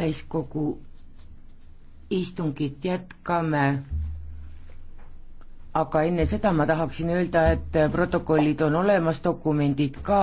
täiskogu istungit jätkame. aga enne seda ma tahaksin öelda, et protokollid on olemas, dokumendid ka.